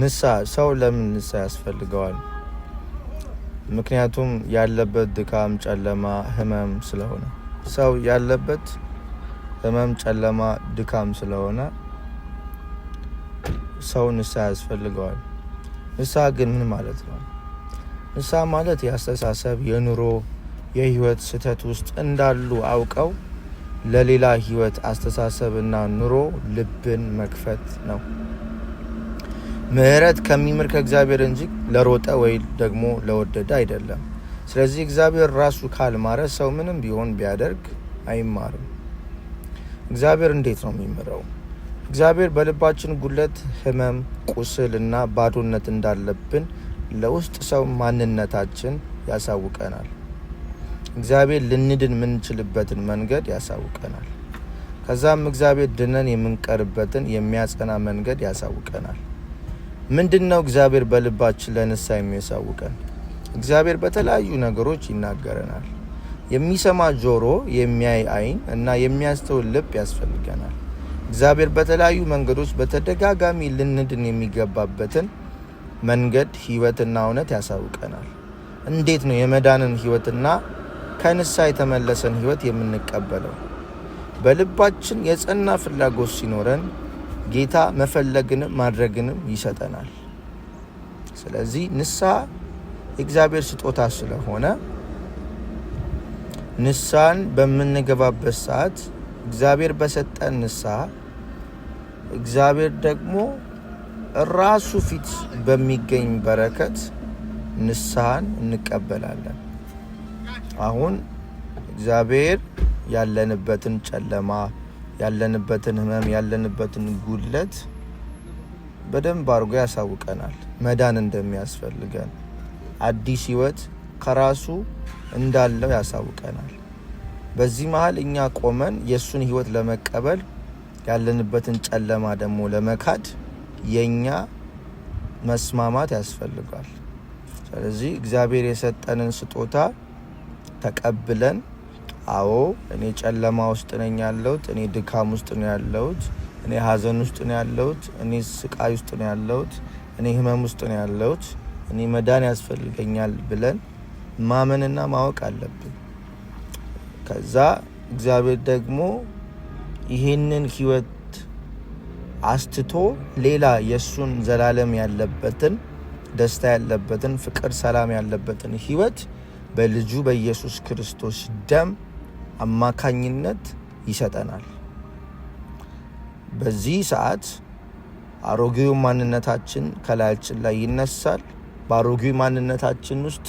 ንሳ ሰው ለምን ንሳ ያስፈልገዋል? ምክንያቱም ያለበት ድካም፣ ጨለማ፣ ህመም ስለሆነ ሰው ያለበት ህመም፣ ጨለማ፣ ድካም ስለሆነ ሰው ንሳ ያስፈልገዋል። ንሳ ግን ምን ማለት ነው? ንሳ ማለት የአስተሳሰብ የኑሮ የህይወት ስህተት ውስጥ እንዳሉ አውቀው ለሌላ ህይወት አስተሳሰብና ኑሮ ልብን መክፈት ነው። ምሕረት ከሚምር ከእግዚአብሔር እንጂ ለሮጠ ወይ ደግሞ ለወደደ አይደለም። ስለዚህ እግዚአብሔር ራሱ ካልማረ ሰው ምንም ቢሆን ቢያደርግ አይማርም። እግዚአብሔር እንዴት ነው የሚምረው? እግዚአብሔር በልባችን ጉለት፣ ህመም ቁስል እና ባዶነት እንዳለብን ለውስጥ ሰው ማንነታችን ያሳውቀናል። እግዚአብሔር ልንድን የምንችልበትን መንገድ ያሳውቀናል። ከዛም እግዚአብሔር ድነን የምንቀርበትን የሚያጸና መንገድ ያሳውቀናል። ምንድን ነው እግዚአብሔር በልባችን ለንስሐ የሚያሳውቀን? እግዚአብሔር በተለያዩ ነገሮች ይናገረናል። የሚሰማ ጆሮ፣ የሚያይ አይን እና የሚያስተውል ልብ ያስፈልገናል። እግዚአብሔር በተለያዩ መንገዶች በተደጋጋሚ ልንድን የሚገባበትን መንገድ ህይወትና እውነት ያሳውቀናል። እንዴት ነው የመዳንን ህይወትና ከንስሐ የተመለሰን ህይወት የምንቀበለው? በልባችን የጸና ፍላጎት ሲኖረን ጌታ መፈለግንም ማድረግንም ይሰጠናል። ስለዚህ ንስሐ የእግዚአብሔር ስጦታ ስለሆነ ንስሐን በምንገባበት ሰዓት እግዚአብሔር በሰጠን ንስሐ እግዚአብሔር ደግሞ ራሱ ፊት በሚገኝ በረከት ንስሐን እንቀበላለን። አሁን እግዚአብሔር ያለንበትን ጨለማ ያለንበትን ህመም ያለንበትን ጉድለት በደንብ አድርጎ ያሳውቀናል። መዳን እንደሚያስፈልገን አዲስ ህይወት ከራሱ እንዳለው ያሳውቀናል። በዚህ መሀል እኛ ቆመን የእሱን ህይወት ለመቀበል ያለንበትን ጨለማ ደግሞ ለመካድ የእኛ መስማማት ያስፈልጋል። ስለዚህ እግዚአብሔር የሰጠንን ስጦታ ተቀብለን አዎ እኔ ጨለማ ውስጥ ነኝ ያለሁት፣ እኔ ድካም ውስጥ ነው ያለሁት፣ እኔ ሀዘን ውስጥ ነው ያለሁት፣ እኔ ስቃይ ውስጥ ነው ያለሁት፣ እኔ ህመም ውስጥ ነው ያለሁት፣ እኔ መዳን ያስፈልገኛል ብለን ማመንና ማወቅ አለብን። ከዛ እግዚአብሔር ደግሞ ይህንን ህይወት አስትቶ ሌላ የእሱን ዘላለም ያለበትን ደስታ ያለበትን ፍቅር፣ ሰላም ያለበትን ህይወት በልጁ በኢየሱስ ክርስቶስ ደም አማካኝነት ይሰጠናል። በዚህ ሰዓት አሮጌው ማንነታችን ከላያችን ላይ ይነሳል። በአሮጌው ማንነታችን ውስጥ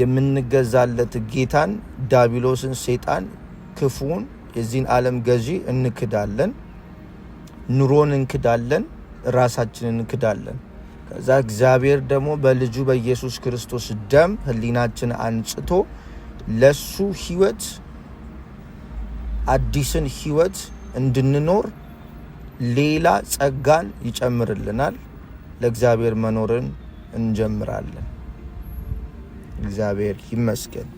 የምንገዛለት ጌታን ዳቢሎስን፣ ሴጣን፣ ክፉን የዚህን ዓለም ገዢ እንክዳለን። ኑሮን እንክዳለን። ራሳችንን እንክዳለን። ከዛ እግዚአብሔር ደግሞ በልጁ በኢየሱስ ክርስቶስ ደም ሕሊናችን አንጽቶ ለሱ ህይወት አዲስን ህይወት እንድንኖር ሌላ ጸጋን ይጨምርልናል። ለእግዚአብሔር መኖርን እንጀምራለን። እግዚአብሔር ይመስገን።